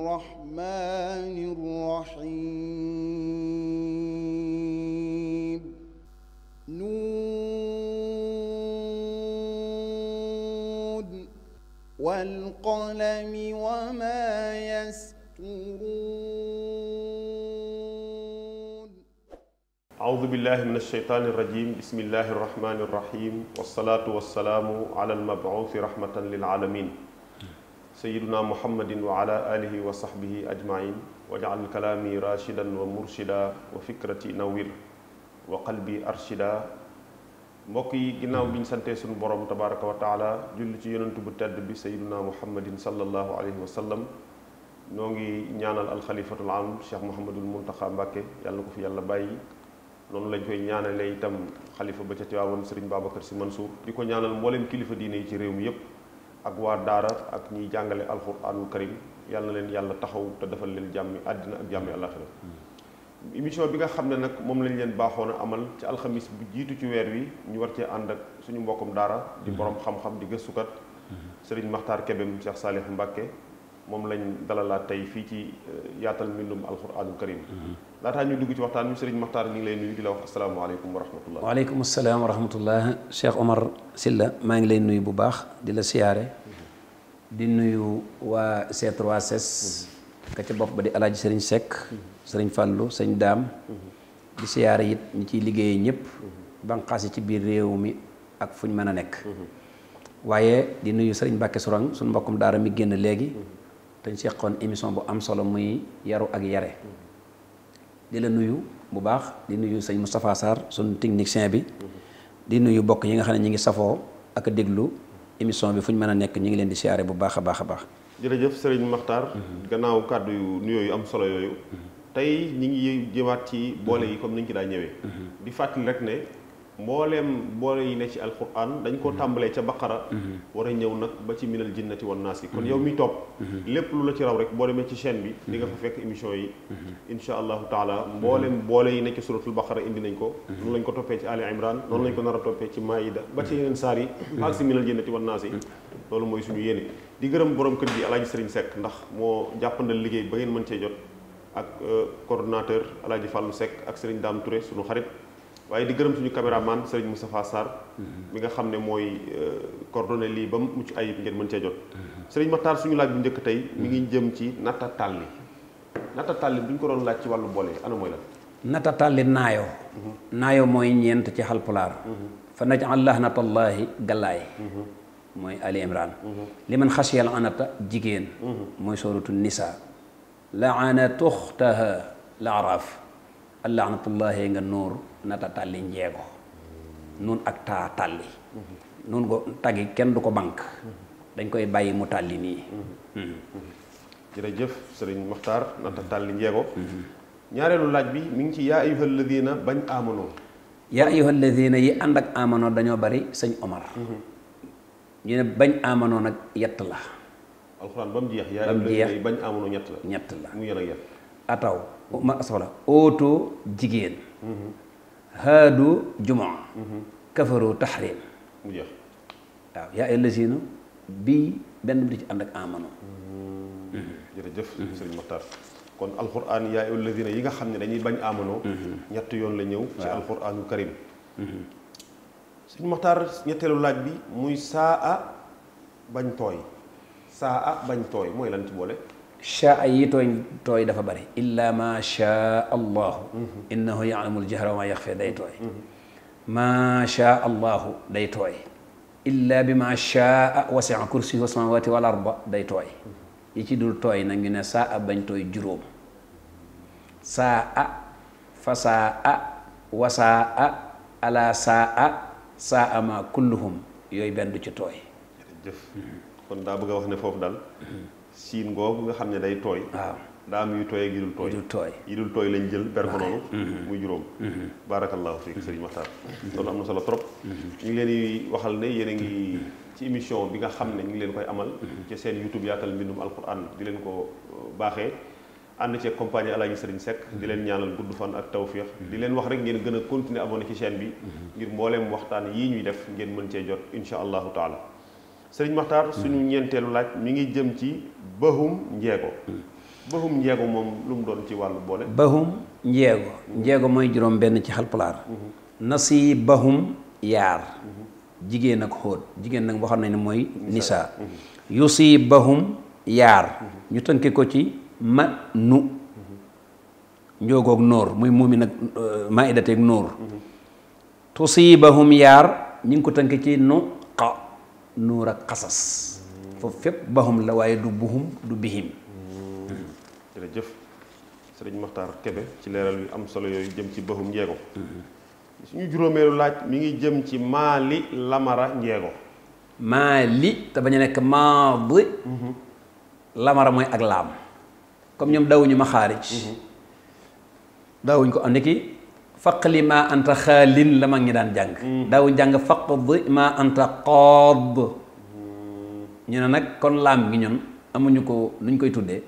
الرحمن الرحيم نون والقلم وما يسطرون أعوذ بالله من الشيطان الرجيم بسم الله الرحمن الرحيم والصلاة والسلام على المبعوث رحمة للعالمين sayiduna muhammadin wa ala alihi wa sahbihi ajmain wajal kalaami rashidan wa murshida wa fikrati nawir wa qalbi arshida mbokk yi ginnaaw bi ñu santee suñu borom tabaraka wa taala julli ci yonentu bu tedd bi sayiduna muhammadin sallallahu alayhi wa sallam noo ngi ñaanal alxalifatul am cheikh muhammadul muntaxa mbàkke yàlla ko fi yàlla bàyyi noonu lañ koy ñaanalee itam xalifa ba ca Tiwaawan sëriñ Babacar Si Mansour di ko ñaanal mbooleem kilifa diine ci réew mi yépp ak waa daara ak ñiy jàngale alxuraanul karim yàlla na leen yàlla taxaw te defal leen jàmmi àddina ak jàmmi àlaxira émission bi nga xam ne nag moom lañ leen baaxoon a amal ci alxamis bu jiitu ci weer wi ñu war cee ànd ak suñu mbokkam daara di borom xam-xam di gëstukat sëriñ maxtaar kebem Cheikh Salih Mbacke moom lañ dalalaat tey fii ci euh, yaatal mbindum alxuraanul karim laataa ñu dugg ci waxtaan bi sëriñ Maxtaar ñu ngi lay nuyu di la wax asalaamaaleykum wa rahmatullah waaleykum asalaam wa rahmatullah Cheikh Omar Silla maa ngi lay nuyu bu baax di la siyaare di nuyu waa C3S ka ca bopp ba di alaaji sëriñ Seck sëriñ Fàllu sëñ Daam di siyaare it ñu ciy liggéeyee ñëpp banqaas yi ci biir réew mi ak fuñ mën a nekk waaye di nuyu sëriñ Mbàkke Surang suñ mbokkum daara mi génn léegi te ñu seqoon émission bu am solo muy yaru ak yare di la nuyu bu baax di nuyu sëñ Moustapha Sarr sunu technicien bi di nuyu bokk yi nga xam ne ñu ngi safoo ak déglu émission bi fu ñu mën a nekk ñu ngi leen di siyaare bu baax a baax a baax. jërëjëf sëriñ Makhtar. Mhm. gannaaw kàddu yu nuyoo yu am solo yooyu. Mhm. tey ñu ngi jëwaat ci boole mhm. yi comme ni ñu ci daa ñëwee. di fàttali rek ne. mbooleem boole yi ne ci al alquran dañ ko mhm. tàmbalee ca baqara mhm. war a ñëw nag ba ci minal jinnati wan naas yi kon mhm. yow mi topp lépp lu la ci raw rek boo demee ci chaîne bi di nga fa fekk émission yi insha allahu taala mbooleem boole yi ne ci suratul baqara indi nañ ko noonu lañ ko toppee ci ali imran noonu lañ ko nar a toppee ci maida ba ci yeneen saar yi ak si minal jinnati wan naas yi loolu mooy suñu yéene di gërëm boroom kër gi alaaji sëriñ Seck ndax moo jàppandal liggéey ba ngeen mën cee jot ak euh, coordonnateur alaaji Fallou Seck ak sëriñ Dame Touré suñu waaye di gërëm suñu caméraman Serigne Moustapha Sarr mhm. mi nga xam ne mooy euh, coordonné lii ba mu mucc ayib ngeen mën cee jot mhm. Serigne Matar suñu laaj bu njëkk tey mi ngi mhm. jëm ci natta tàlli natta tàlli bu ñu ko doon laaj ci wàllu boole ana mooy lan natta tàlli naayo naayo mooy ñeent ci xalpulaar fa naj allah natallaahi gallaay mooy Ali Imran li man xasiyal anata jigéen mooy sooratu nisa la ana tuxtaha la araaf allahnatullahi nga nuur nata tàlli njeego nun ak taa tàlli nun ko tagi kenn du ko bank dañ koy bàyyi mu tàlli nii jërëjëf sëriñ Muxtaar nata mhm. tàlli njeego mhm. ñaareelu laaj bi mu ngi ci yaa ayyuhal ladina bañ amanoo yaa ayyuhal ladina yi ànd ak amanoo dañoo bari sañ Omar mhm. ñu bañ amanoo nag yett la alxuraan ba mu jeex yaa ayyuhal ladina yi bañ amanoo ñett la ñett la ataw ma soxla oto jigéen haadu jumaa mhm. kafaru taxrim waaw yaa ay lësiinu bi benn bi di ci ànd ak amano mhm. mhm. jërëjëf sëriñ Moxtaar kon alquran yaa ay lësiina yi nga xam ne dañuy bañ amano ñett yoon la ñëw ci alquranu karim sëriñ Moxtaar ñetteelu laaj bi muy saa a bañ tooy saa a bañ tooy mooy lan ci boole shaa ay tooy tooy dafa bari illa ma shaa allahu innahu yaalamul jahra wa ma yaxfe day tooy ma shaa allahu day tooy illa bi ma shaa wasia kursi wa samawati wal arda day tooy yi ci dul tooy na ngi ne saa bañ tooy juróom saa a fa saa a wa saa a ala saa a saa a ma kulluhum yooyu benn du ci tooy siin googu nga xam ne day tooy. waaw daa am yuy tooy ak yu dul tooy. yu dul tooy lañ jël ber ko noonu. Mm-hmm. muy juróom. Mm-hmm. baarakallaahu fiik sëriñ Maxtaar. Mm-hmm. loolu am na solo trop. ñu ngi leen di waxal ne yéen a ngi ci émission bi nga xam ne ñu ngi leen koy amal. ci seen YouTube yaatal mbindum alquran di leen ko uh, baaxee. ànd ci compagnie Alaaji Sëriñ Seck di leen ñaanal gudd fan ak tawféex di leen wax rek ngeen gën a continuer abonné ci chaîne bi ngir mbooleem waxtaan yi ñuy def ngeen mën cee jot incha allahu taala sëriñ Maxtaar suñu ñeenteelu laaj mu ngi jëm ci bahum njeego hmm. bahum njeego moom lu mu doon ci wàllu boole bahum njeego hmm. njeego mooy juróom benn ci xalpulaar hmm. nasi bahum yaar jigéen ak xóot jigéen nag waxoon nañ ne mooy nisaa yusi bahum yaar ñu tënke ko ci ma nu njoogoog nóor muy muumi nag euh, maidateeg nóor tusibahum yaar ñu ngi ko tënk ci nu nuur ak xasas foofu fépp baxum la waaye du buxum du bihim jërëjëf dañ Maxtaar Kebe ci leeral yu am solo yooyu jëm ci baxum njeego suñu juróomeelu laaj mi ngi jëm ci maali lamara njeego maali te bañ a nekk maadi mhm. lamara mooy ak laam comme ñoom dawuñu ma xaarij mhm. daawuñ ko andiki faqli ma anta xaalin la mag ñi daan jàng mm-hmm. daw jàng faqdi ma anta qaad mm-hmm. ñu ne nag kon laam gi ñun amuñu ko nuñ koy tuddee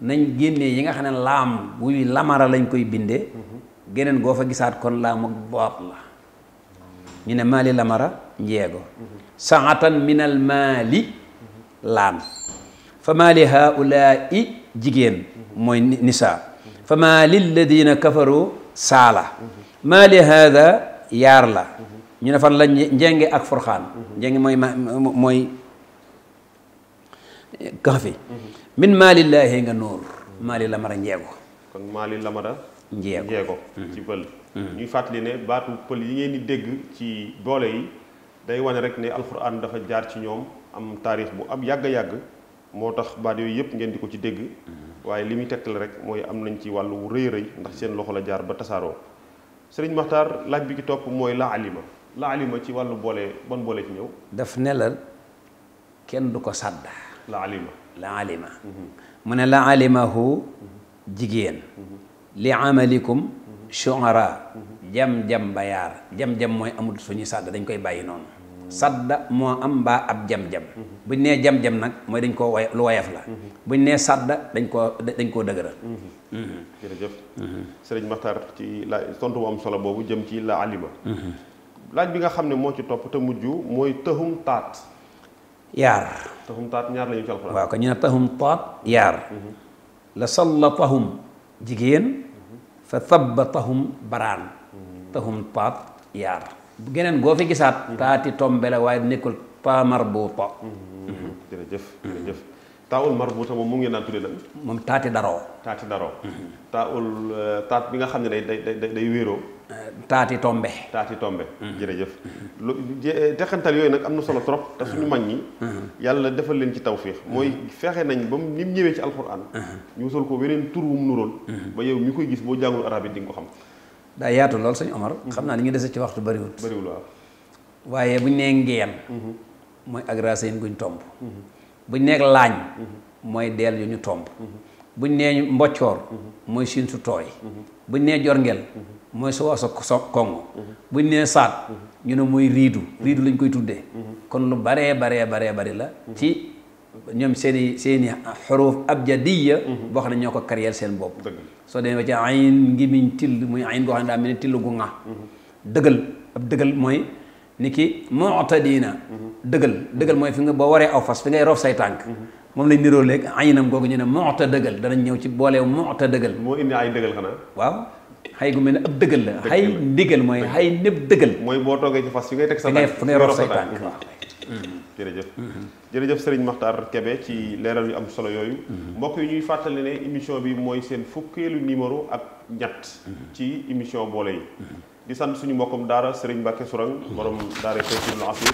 nañ génnee yi nga xam ne laam wuy lamara lañ koy bindee mm-hmm. geneen goo fa gisaat kon laam ak boot la ñu ne maali lamara njeego saatan min al maali laam fa maali haulaai jigéen mooy nisa fa maali alladina kafaru saala la maa yaar la ñu ne fan la njenge ak furxaan njenge mooy ma mooy kaxfi min maalillaahi nga nóor maali la mara njeego kon maali la mara njeego mm-hmm. ci pël mm-hmm. ñuy fàttali ne baatu pël yi ngeen di dégg ci boole yi day wane rek ne alxuraan dafa jaar ci ñoom am taarix bu ab yàgg-yàgg moo tax baat yooyu yëpp ngeen di ko ci dégg mm-hmm. waaye li muy tegtal rek mooy am nañ ci wàllu wu rëy rëy ndax seen loxo la jaar ba tasaaroo sëriñ Maxtaar laaj bi ki topp mooy la alima la alima ci wàllu boole ban boole ci ñëw. daf ne la kenn du ko sàdda. la alima la alima. Mhm. mu ne la alimahu jigéen. Mhm. li amalikum. Mhm. shuara jam jam bayaar jam jam mooy amul suñu sàdd dañ koy bàyyi noonu. sadda moo am mbaa ab jam-jam buñ nee jam-jam nag mooy dañ koo way lu wayaf la buñ nee sadda dañ koo dañ koo dëgëral jërëjëf sëriñ Maxtaar ci laaj tontu bu am solo boobu jëm ci la alima laaj bi nga xam ne moo ci topp te mujj mooy tëxum taat yaar tëxum taat ñaar ko ñu ne tëxum taat yaar la sallatahum jigéen fa thabatahum baraan tëxum taat yaar geneen goo fi gisaat taati tombe la waaye nekkul pas marbuuta mm-hmm. jërëjëf jërëjëf taawul marbuuta moom mu ngi naan tuddee lan moom taati daroo taati daroo taawul eh, taat bi nga xam ne day day day day wéeroo eh, taati tombe taati tombe mm-hmm. jërëjëf lu eh, teqantal yooyu nag am na solo trop te suñu mag ñi mm-hmm. yàlla defal leen ci tawfiix mooy fexe nañ ba ni mu ñëwee ci alxuraan ñu wutal ko weneen tur wu mu nuróol ba yow ñu koy gis boo jàngul arab yi di ko xam daa yaatu lool sëñ Omar. Mhm. xam naa ni ñu dese ci waxtu bariwul. bariwul waaye bu ñu nee ngeen. Mhm. mooy agrasé guñ tomb. Mhm. bu ñu nee laañ. mooy deel yu ñu tomb. bu ñu nee mboccoor. mooy siin su tooy. bu ñu nee jorngel. mooy su waasa so kongo. bu ñu nee saat. ñu ne mooy riidu. riidu lañ koy tuddee. kon lu baree baree baree bari la. ci ñoom seen i seen i xuruuf abjadiya mhm. boo xam ne ñoo ko créer seen bopp soo demee ba ci ayn ngi miñ till muy ayn goo xam ne daa mel ni till gu ŋa mhm. dëggal ab dëggal mooy ni ki mu'tadina mhm. dëggal dëggal mooy fi nga boo aw fas fi ngay roof say tànk moom lañ niroo léegi aynam googu ñu ne mu'ta dëggal danañ ñëw ci boolee mu'ta dëggal moo indi ay dëggal xanaa waaw xay gu mel ne ab dëggal la xay ndigal mooy xay népp dëggal mooy boo toogee ci fas fi ngay teg sa roof say tànk jërëjëf mm-hmm. jërëjëf sëriñ Makhtar Kebe ci leeral yu am solo yooyu mm-hmm. mbokk yi ñuy fàttale ne émission bi mooy seen fukkeelu numéro ak ñett mm-hmm. ci émission boole yi di sant suñu mbokkam daara Serigne Mbacke Sourang borom daara Faysal Asir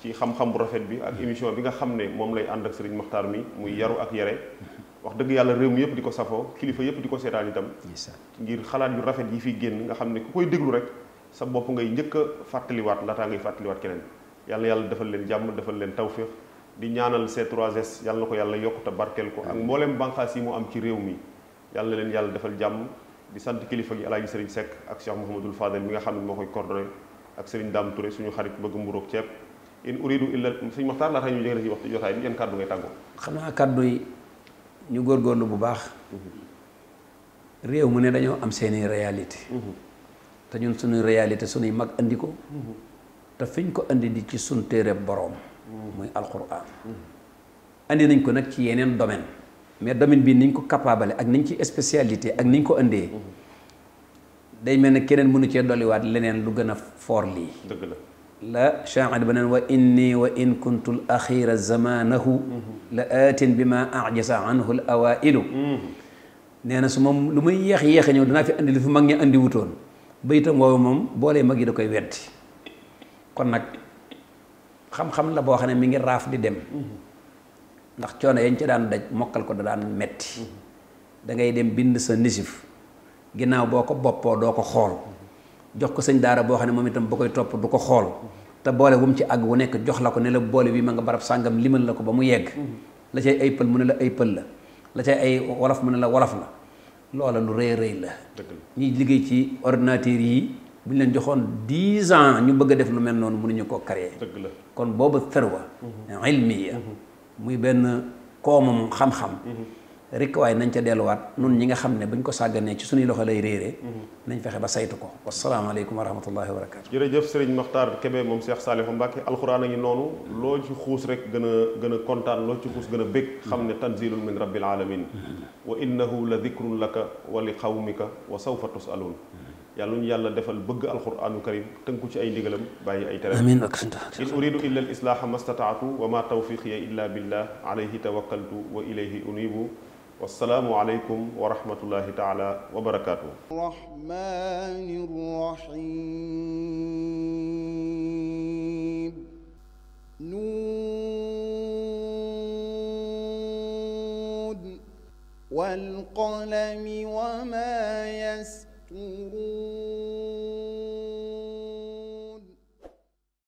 ci xam-xam bu rafet bi ak émission bi nga xam ne moom lay ànd ak Serigne Makhtar mi muy yaru ak yare wax dëgg yàlla réew mi yëpp di ko safoo kilifa yëpp di ko seetaan itam ngir xalaat yu rafet yi fi génn nga xam ne ku koy déglu rek sa bopp ngay njëkk fàttaliwaat laataa ngay fàttaliwaat keneen yàlla yàlla defal leen jàmm defal leen tawféex di ñaanal c 3 yàlla na ko yàlla yokk te barkeel ko ak mboolem bànqaas yi mu am ci réew mi yàlla leen yàlla defal jàmm di sant kilifa gi alaaji Serigne Seck ak Cheikh Mouhamadul Fadel mi nga xam ne moo koy coordonné ak Serigne Dame Touré suñu xarit bëgg mburoog ceeb in uridu illa suñu waxtaan laata ñu jëgale ci waxtu jotaay bi yan kàddu ngay tàggoo xanaa kàddu yi ñu góorgóorlu bu baax réew mu ne dañoo am seeni réalité mm-hmm. te ñun suñuy mag andi ko mm-hmm. te fiñ ko indi di ci sun téere boroom muy alquran indi nañ ko nag ci yeneen domaine mais domaine bii niñ ko capable ak niñ ci spécialité ak niñ ko indee day mel ne keneen mënu cee dolliwaat leneen lu gën a foor lii dëgg la la chair ba neen wa indi wa in kuntul axira zamanahu la bi ma ajasa l awailu na su moom lu muy yeex yeexe ñëw danaa fi andi lu fi mag ñi andi wutoon ba itam woowu moom boolee mag yi da koy weddi kon nag xam-xam la boo xam ne mi ngi raaf di dem ndax coono yañ ci daan daj mokkal ko da daan metti dangay dem bind sa nisif ginnaaw boo ko boppoo doo ko xool jox ko sëñ daara boo xam ne moom itam ba koy topp du ko xool te boole wum ci àgg wu nekk jox la ko ne la boole bi ma nga barab sàngam limal la ko ba mu yegg la cay ay pël mu ne la ay pël la la cay ay wolof mu ne la wolof la loola lu rëy rëy la ñiy liggéey ci ordinateur yi bu ñu leen joxoon dix ans ñu bëgg def lu mel noonu mënuñu ko créer. dëgg la kon boobu tërwa. Mhm. ilmiya mhm. muy benn koomam xam-xam. Mhm. rek waaye nañ ca delluwaat nun ñi nga xam ne buñ ko sàgganee ci suñuy loxo lay réeree. nañ fexe ba saytu ko wasalaamaaleykum wa rahmatullahi wa barakaatu. jërëjëf Serigne Makhtar Kébé moom Cheikh Salihou Mbacké alxuraan a ngi noonu loo ci xuus rek gën a gën a kontaan loo ci xuus gën a bég. xam ne tanzilun min rabbil alamin wa innahu la dikrun laka wa li qawmika wa sawfa tusalun yàlla ñu yàlla defal bëgg alquranu karim tënku ci ay ndigalam bàyyi ay tere amiin ak in uridu illa al islaaha ma stataatu wa ma tawfiqiya illa billah alayhi tawakkaltu wa ilayhi unibu wassalaamu aleykum wa rahmatullahi taala wa barakaatuhu rahmaani rahiim nuun wal qalami wa maa